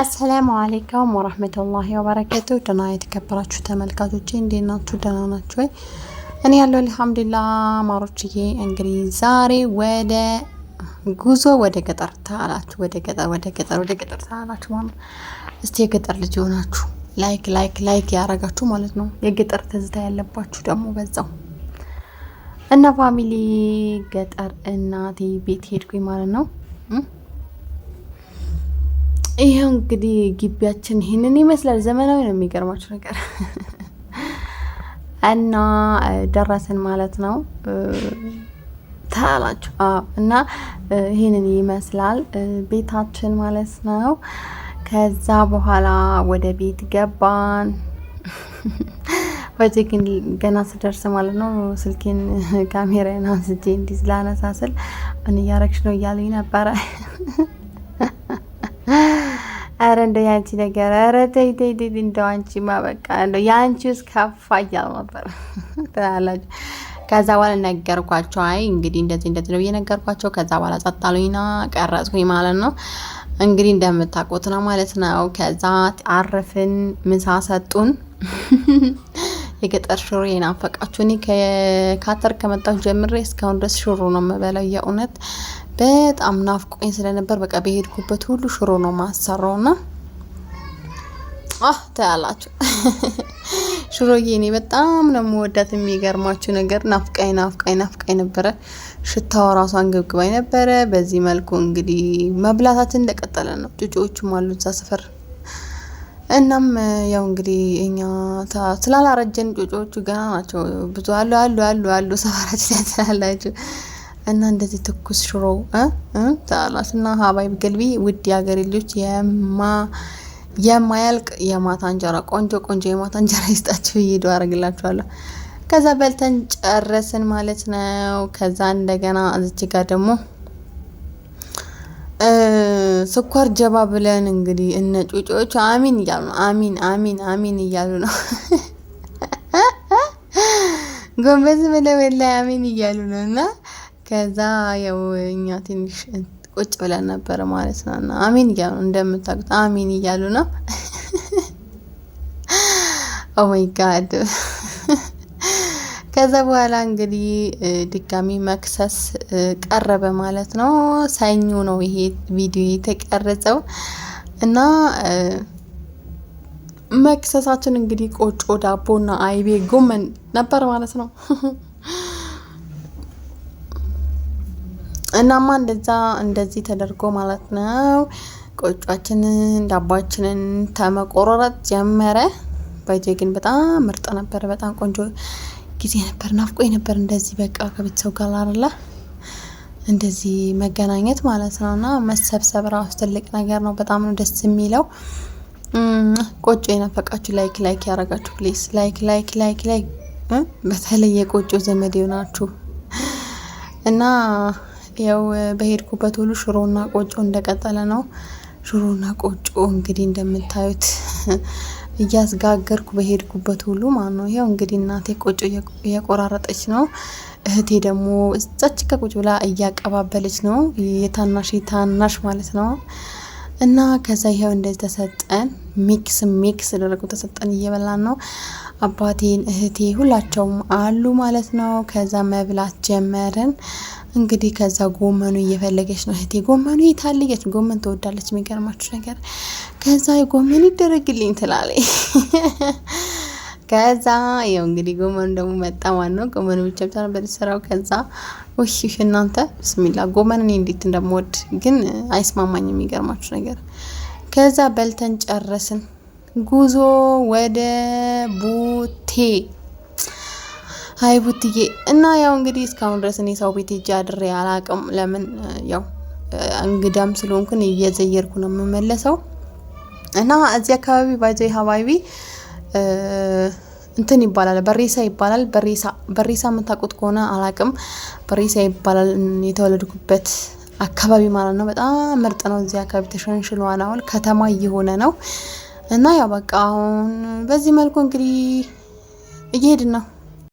አሰላሙ አሌይኩም ወረህመቱላሂ ወበረከቱ ደህና የተከበራችሁ ተመልካቾቼ እንዴት ናችሁ? ደህና ናችሁ ወይ? እኔ ያለው አልሐምዱሊላህ ማሮችዬ። እንግዲህ ዛሬ ወደ ጉዞ ወደ ገጠር ታላችሁ፣ ወደ ገጠር ወደ ገጠር ወደ ገጠር ታላችሁ ማለት እስቲ የገጠር ልጅ ሆናችሁ ላይክ ላይክ ላይክ ያደረጋችሁ ማለት ነው። የገጠር ትዝታ ያለባችሁ ደግሞ በዛው እና ፋሚሊ ገጠር እናቴ ቤት ሄድኩኝ ማለት ነው። ይኸው እንግዲህ ግቢያችን ይህንን ይመስላል። ዘመናዊ ነው የሚገርማችሁ ነገር እና ደረስን ማለት ነው ታላችሁ እና ይህንን ይመስላል ቤታችን ማለት ነው። ከዛ በኋላ ወደ ቤት ገባን። ወደ ግን ገና ስደርስ ማለት ነው ስልኬን ካሜራ ና አንስቼ እንዲህ ስላነሳስል ምን እያረግሽ ነው እያለኝ ነበረ። አረ እንደ ያንቺ ነገር አረ ተይ ተይ ተይ፣ እንደ አንቺ ማበቃ እንደው ያንቺ ከፋ እያሉ ነበር ትላላችሁ። ከዛ በኋላ ነገርኳቸው። አይ እንግዲህ እንደዚህ እንደዚህ ነው ብዬ ከዛ በኋላ ጸጥ አሉኝና ቀረጽኩኝ ማለት ነው። እንግዲህ እንደምታውቁት ነው ማለት ነው። ከዛ አረፍን፣ ምሳ ሰጡን። የገጠር ሽሮ የናፈቃችሁ እኔ ከካተር ከመጣሁ ጀምሬ እስካሁን ድረስ ሽሮ ነው የምበለው የእውነት በጣም ናፍቆኝ ስለነበር በቃ በሄድኩበት ሁሉ ሽሮ ነው ማሰራው ና አህ ተያላችሁ ሽሮዬ እኔ በጣም ነው የምወዳት። የሚገርማችሁ ነገር ናፍቃይ ናፍቃይ ናፍቃይ ነበረ። ሽታው ራሷ አንገብግባኝ ነበረ። በዚህ መልኩ እንግዲህ መብላታችን እንደቀጠለ ነው። ጩጮዎቹም አሉ እዛ ሰፈር። እናም ያው እንግዲህ እኛ ስላላረጀን ጩጮዎቹ ገና ናቸው። ብዙ አሉ አሉ አሉ አሉ ሰፈራችን ያላችሁ እና እንደዚህ ትኩስ ሽሮ ተላስ እና ሀባይ ገልቢ ውድ የሀገሬ ልጆች የማ የማያልቅ የማታ እንጀራ ቆንጆ ቆንጆ የማታ እንጀራ ይስጣችሁ። እየሄዱ አረግላችኋለሁ። ከዛ በልተን ጨረስን ማለት ነው። ከዛ እንደገና እዚች ጋር ደግሞ ስኳር ጀባ ብለን እንግዲህ እነ ጩጮች አሚን እያሉ ነው። አሚን አሚን አሚን እያሉ ነው። ጎንበዝ ብለው አሚን እያሉ ነው እና ከዛ ያው እኛ ትንሽ ቁጭ ብለን ነበር ማለት ነው። እና አሚን እያሉ እንደምታውቁት አሚን እያሉ ነው። ኦማይ ጋድ። oh ከዛ በኋላ እንግዲህ ድጋሚ መክሰስ ቀረበ ማለት ነው። ሰኞ ነው ይሄ ቪዲዮ የተቀረጸው እና መክሰሳችን እንግዲህ ቆጮ ዳቦና አይቤ ጎመን ነበር ማለት ነው። እናማ እንደዛ እንደዚህ ተደርጎ ማለት ነው ቆጫችንን ዳቧችንን ተመቆረረጥ ጀመረ። ባይጄ ግን በጣም ምርጥ ነበር። በጣም ቆንጆ ጊዜ ነበር። ናፍቆ ነበር እንደዚህ በቃ ከቤተሰብ ጋር አለ እንደዚህ መገናኘት ማለት ነው። እና መሰብሰብ ራሱ ትልቅ ነገር ነው። በጣም ነው ደስ የሚለው። ቆጮ የነፈቃችሁ ላይክ ላይክ ያደረጋችሁ ፕሊስ ላይክ ላይክ ላይክ ላይክ በተለይ የቆጮ ዘመድ የሆናችሁ እና ያው በሄድኩበት ሁሉ ሽሮና ቆጮ እንደቀጠለ ነው። ሽሮና ቆጮ እንግዲህ እንደምታዩት እያስጋገርኩ በሄድኩበት ሁሉ ማለት ነው። ይኸው እንግዲህ እናቴ ቆጮ እየቆራረጠች ነው። እህቴ ደግሞ እዛች ከቁጭ ብላ እያቀባበለች ነው። የታናሽ ታናሽ ማለት ነው። እና ከዛ ይኸው እንደዚህ ተሰጠን። ሚክስ ሚክስ ደረጉ ተሰጠን። እየበላን ነው። አባቴን፣ እህቴ ሁላቸውም አሉ ማለት ነው። ከዛ መብላት ጀመርን። እንግዲህ ከዛ ጎመኑ እየፈለገች ነው እህቴ። ጎመኑ የታለየች ጎመን ትወዳለች። የሚገርማችሁ ነገር ከዛ ጎመን ይደረግልኝ ትላለች። ከዛ ያው እንግዲህ ጎመን ደግሞ መጣ ማለት ነው። ጎመኑ ብቻ ብቻ ነበር ሰራው። ከዛ ውሽ እናንተ ብስሚላ ጎመን እኔ እንዴት እንደምወድ ግን አይስማማኝ የሚገርማችሁ ነገር። ከዛ በልተን ጨረስን። ጉዞ ወደ ቡቴ አይ ቡትዬ እና ያው እንግዲህ እስካሁን ድረስ እኔ ሰው ቤት ሄጄ አድሬ አላቅም። ለምን ያው እንግዳም ስለሆንኩን እየዘየርኩ ነው የምመለሰው እና እዚህ አካባቢ ባይዘ ሀባይቢ እንትን ይባላል፣ በሬሳ ይባላል። በሬሳ በሬሳ የምታውቁት ከሆነ አላቅም፣ በሬሳ ይባላል የተወለድኩበት አካባቢ ማለት ነው። በጣም ምርጥ ነው። እዚህ አካባቢ ተሸንሽሏል፣ አሁን ከተማ እየሆነ ነው። እና ያው በቃ አሁን በዚህ መልኩ እንግዲህ እየሄድን ነው።